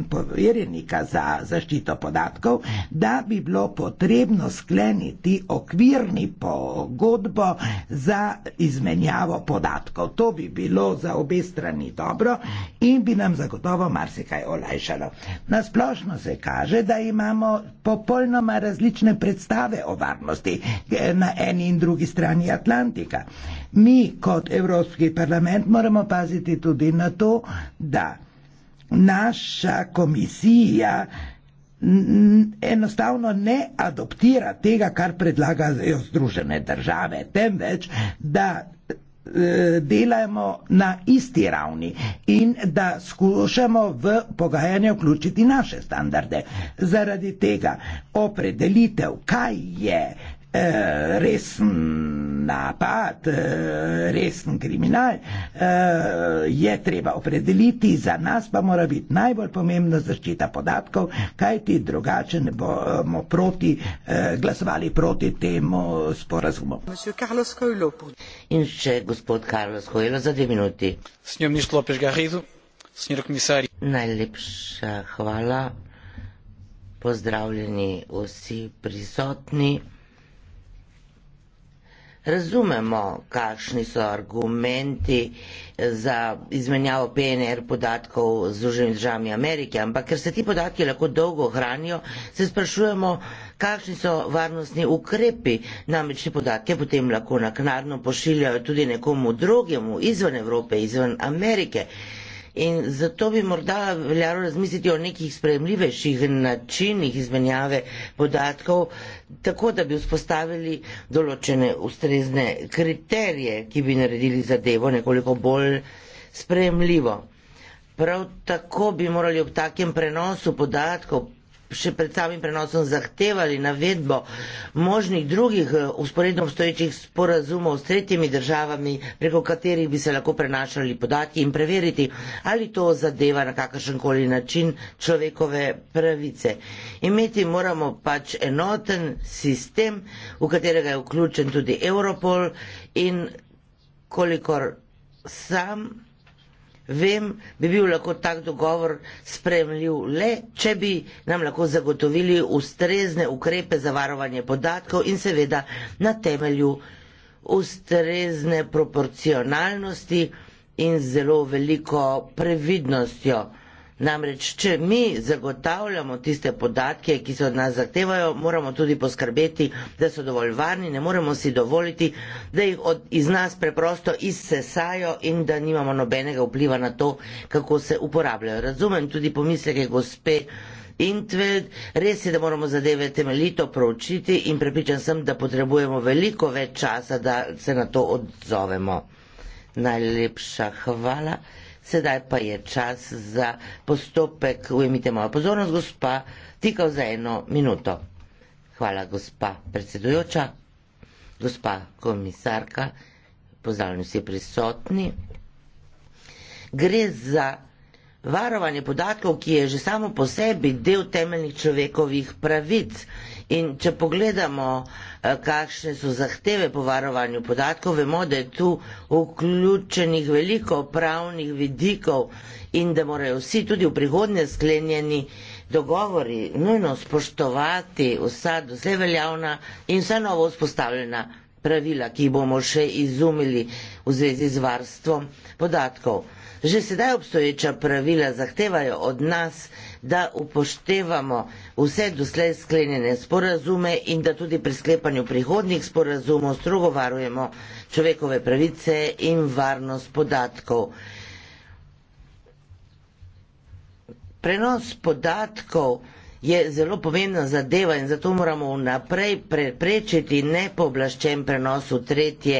poverjenika za zaščito podatkov, da bi bilo potrebno skleniti okvirni pogodbo za izmenjavo podatkov. To bi bilo za obe strani dobro in bi nam zagotovo marsikaj olajšalo. Na splošno se kaže, da imamo popolnoma različne predstave o varnosti eh, na eni in drugi strani Atlantika. Mi kot Evropski parlament moramo paziti tudi na to, da naša komisija enostavno ne adoptira tega, kar predlagajo Združene države, temveč da Eh, delamo na isti ravni in da skušamo v pogajanje vključiti naše standarde. Zaradi tega opredelitev, kaj je Eh, resen napad, eh, resen kriminal, eh, je treba opredeliti, za nas pa mora biti najbolj pomembna zaščita podatkov, kajti drugače ne bomo proti, glasovali proti temu sporazumu. In še gospod Carlos Coelho za dve minuti. Najlepša hvala. Pozdravljeni vsi prisotni razumemo, kakšni so argumenti za izmenjavo PNR podatkov z Združenimi državami Amerike, ampak ker se ti podatki lahko dolgo hranijo, se sprašujemo, kakšni so varnostni ukrepi, namreč te podatke potem lahko naknadno pošiljajo tudi nekomu drugemu izven Evrope, izven Amerike. In zato bi morda veljalo razmisliti o nekih sprejemljivejših načinih izmenjave podatkov, tako da bi vzpostavili določene ustrezne kriterije, ki bi naredili zadevo nekoliko bolj sprejemljivo. Prav tako bi morali ob takem prenosu podatkov še pred samim prenosom zahtevali navedbo možnih drugih usporedno eh, obstoječih sporazumov s tretjimi državami, preko katerih bi se lahko prenašali podatki in preveriti, ali to zadeva na kakršen koli način človekove pravice. Imeti moramo pač enoten sistem, v katerega je vključen tudi Europol in kolikor sam vem, bi bil lahko tak dogovor spremljiv le, če bi nam lahko zagotovili ustrezne ukrepe za varovanje podatkov in seveda na temelju ustrezne proporcionalnosti in zelo veliko previdnostjo. Namreč, če mi zagotavljamo tiste podatke, ki se od nas zahtevajo, moramo tudi poskrbeti, da so dovolj varni, ne moremo si dovoliti, da jih od, iz nas preprosto izsesajo in da nimamo nobenega vpliva na to, kako se uporabljajo. Razumem tudi pomisleke gospe Intveld, res je, da moramo zadeve temeljito proučiti in prepričan sem, da potrebujemo veliko več časa, da se na to odzovemo. Najlepša hvala sedaj pa je čas za postopek. Ujemite mojo pozornost, gospa, tikal za eno minuto. Hvala, gospa predsedujoča, gospa komisarka, pozdravljeni vsi prisotni. Gre za varovanje podatkov, ki je že samo po sebi del temeljnih človekovih pravic. In če pogledamo, eh, kakšne so zahteve po varovanju podatkov, vemo, da je tu vključenih veliko pravnih vidikov in da morajo vsi tudi v prihodnje sklenjeni dogovori nujno spoštovati vsa doslej veljavna in vsa novo vzpostavljena pravila, ki jih bomo še izumili v zvezi z varstvom podatkov. Že sedaj obstoječa pravila zahtevajo od nas, da upoštevamo vse doslej sklenjene sporazume in da tudi pri sklepanju prihodnih sporazumov strogo varujemo človekove pravice in varnost podatkov. Prenos podatkov je zelo pomembna zadeva in zato moramo vnaprej preprečiti nepooblaščen prenos v tretje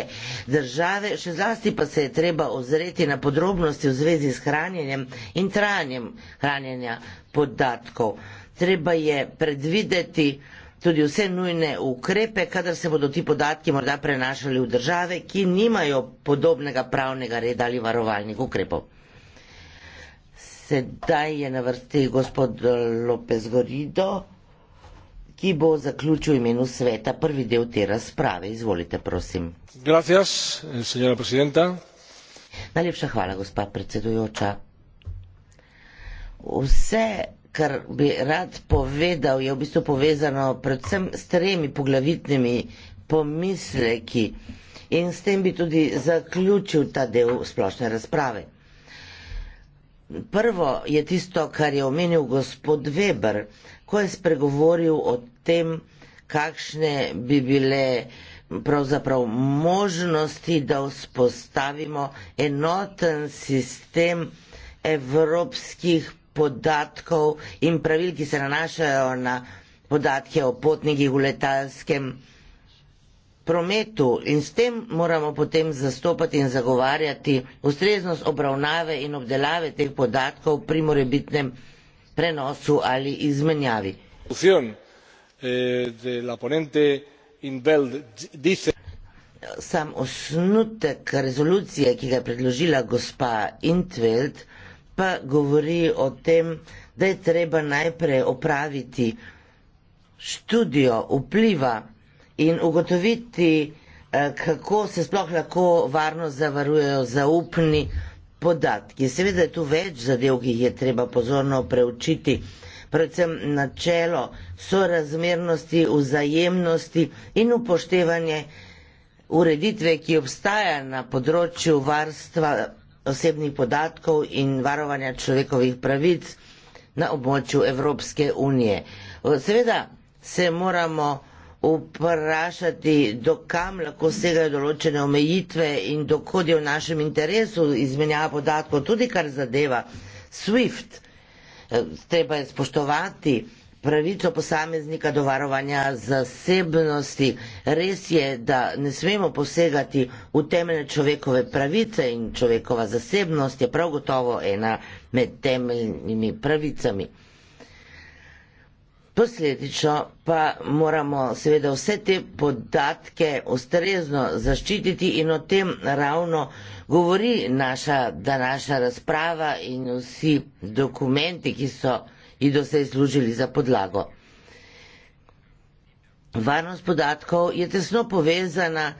države. Še zlasti pa se je treba ozreti na podrobnosti v zvezi s hranjenjem in trajanjem hranjenja podatkov. Treba je predvideti tudi vse nujne ukrepe, kadar se bodo ti podatki morda prenašali v države, ki nimajo podobnega pravnega reda ali varovalnih ukrepov. Sedaj je na vrsti gospod López Gorido, ki bo zaključil imenu sveta prvi del te razprave. Izvolite, prosim. Gracias, Najlepša hvala, gospa predsedujoča vse, kar bi rad povedal, je v bistvu povezano predvsem s tremi poglavitnimi pomisleki in s tem bi tudi zaključil ta del splošne razprave. Prvo je tisto, kar je omenil gospod Weber, ko je spregovoril o tem, kakšne bi bile pravzaprav možnosti, da vzpostavimo enoten sistem evropskih podatkov in pravil, ki se nanašajo na podatke o potnikih v letalskem prometu in s tem moramo potem zastopati in zagovarjati ustreznost obravnave in obdelave teh podatkov pri morebitnem prenosu ali izmenjavi. Eh, Sam osnutek rezolucije, ki ga je predložila gospa Intveld, pa govori o tem, da je treba najprej opraviti študijo vpliva in ugotoviti, eh, kako se sploh lahko varno zavarujejo zaupni podatki. Seveda je tu več zadev, ki jih je treba pozorno preučiti, predvsem načelo sorazmernosti, vzajemnosti in upoštevanje ureditve, ki obstaja na področju varstva osebnih podatkov in varovanja človekovih pravic na območju Evropske unije. Seveda se moramo vprašati, dokam lahko segajo določene omejitve in dokod je v našem interesu izmenjava podatkov, tudi kar zadeva SWIFT. E, treba je spoštovati pravico posameznika do varovanja zasebnosti. Res je, da ne smemo posegati v temeljne človekove pravice in človekova zasebnost je prav gotovo ena med temeljnimi pravicami. Posledično pa moramo seveda vse te podatke ustrezno zaščititi in o tem ravno govori naša današnja razprava in vsi dokumenti, ki so ji do zdaj služili za podlago. Varnost podatkov je tesno povezana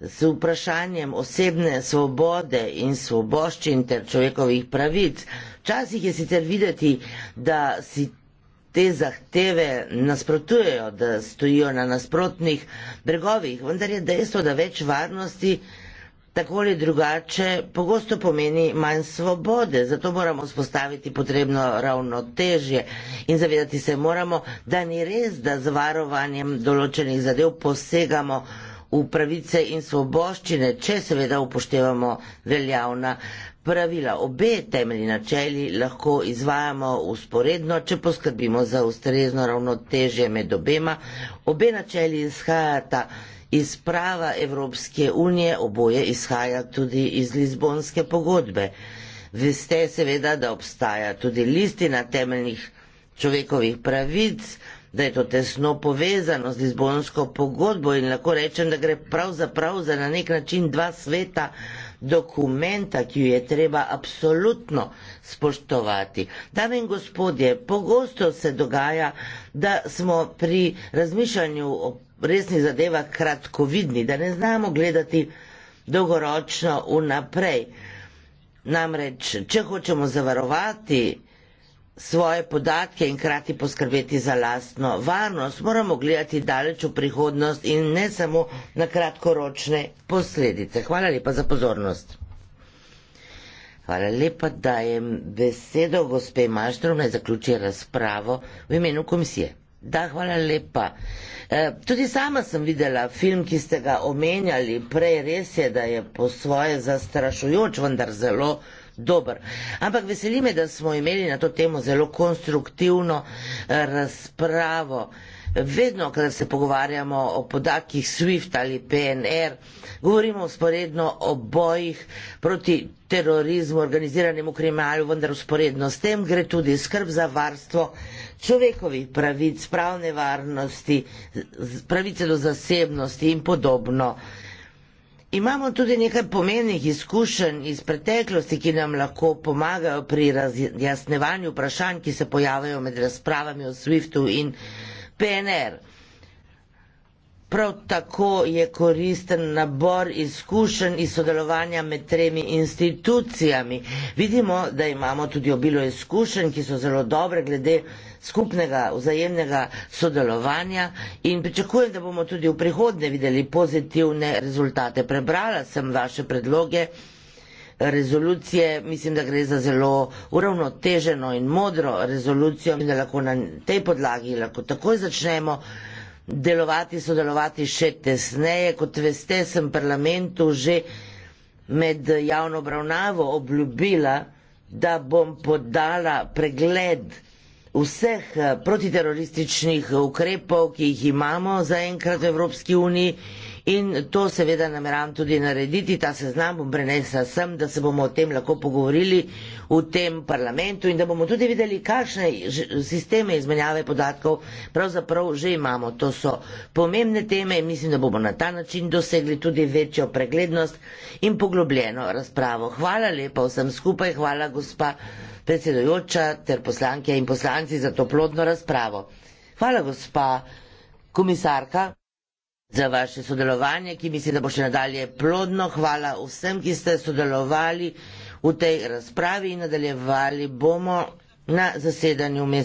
z vprašanjem osebne svobode in svoboščin ter človekovih pravic. Včasih je sicer videti, da si te zahteve nasprotujejo, da stojijo na nasprotnih bregovih, vendar je dejstvo, da več varnosti tako ali drugače pogosto pomeni manj svobode, zato moramo spostaviti potrebno ravnotežje in zavedati se moramo, da ni res, da z varovanjem določenih zadev posegamo v pravice in svoboščine, če seveda upoštevamo veljavna pravila. Obe temeljni načeli lahko izvajamo usporedno, če poskrbimo za ustrezno ravnotežje med obema. Obe načeli izhajata iz prava Evropske unije, oboje izhaja tudi iz Lizbonske pogodbe. Veste seveda, da obstaja tudi listina temeljnih človekovih pravic, da je to tesno povezano z Lizbonsko pogodbo in lahko rečem, da gre pravzaprav za na nek način dva sveta dokumenta, ki jo je treba absolutno spoštovati. Dame in gospodje, pogosto se dogaja, da smo pri razmišljanju o resni zadevah kratkovidni, da ne znamo gledati dolgoročno vnaprej. Namreč, če hočemo zavarovati svoje podatke in krati poskrbeti za lastno varnost, moramo gledati daleč v prihodnost in ne samo na kratkoročne posledice. Hvala lepa za pozornost. Hvala lepa, dajem besedo gospe Maštrov, naj zaključi razpravo v imenu komisije. Da, hvala lepa. E, tudi sama sem videla film, ki ste ga omenjali. Prej res je, da je po svoje zastrašujoč, vendar zelo. Dobar. Ampak veseli me, da smo imeli na to temo zelo konstruktivno e, razpravo. Vedno, kadar se pogovarjamo o podatkih SWIFT ali PNR, govorimo usporedno o bojih proti terorizmu, organiziranemu kriminalu, vendar usporedno s tem gre tudi skrb za varstvo človekovih pravic, pravne varnosti, pravice do zasebnosti in podobno. Imamo tudi nekaj pomenih izkušenj iz preteklosti, ki nam lahko pomagajo pri razjasnevanju vprašanj, ki se pojavljajo med razpravami o SWIFT-u in PNR. PNR. Prav tako je koristen nabor izkušenj in sodelovanja med tremi institucijami. Vidimo, da imamo tudi obilo izkušenj, ki so zelo dobre glede skupnega vzajemnega sodelovanja in pričakujem, da bomo tudi v prihodnje videli pozitivne rezultate. Prebrala sem vaše predloge rezolucije, mislim, da gre za zelo uravnoteženo in modro rezolucijo in da lahko na tej podlagi lahko takoj začnemo delovati, sodelovati še tesneje. Kot veste, sem parlamentu že med javno obravnavo obljubila, da bom podala pregled vseh eh, protiterorističnih ukrepov, ki jih imamo zaenkrat v Evropski uniji in to seveda nameravam tudi narediti, ta seznam bom prenesla sem, da se bomo o tem lahko pogovorili v tem parlamentu in da bomo tudi videli, kakšne sisteme izmenjave podatkov pravzaprav že imamo. To so pomembne teme in mislim, da bomo na ta način dosegli tudi večjo preglednost in poglobljeno razpravo. Hvala lepa vsem skupaj, hvala gospa predsedojoča ter poslanke in poslanci za to plodno razpravo. Hvala gospa komisarka za vaše sodelovanje, ki mislim, da bo še nadalje plodno. Hvala vsem, ki ste sodelovali v tej razpravi in nadaljevali bomo na zasedanju.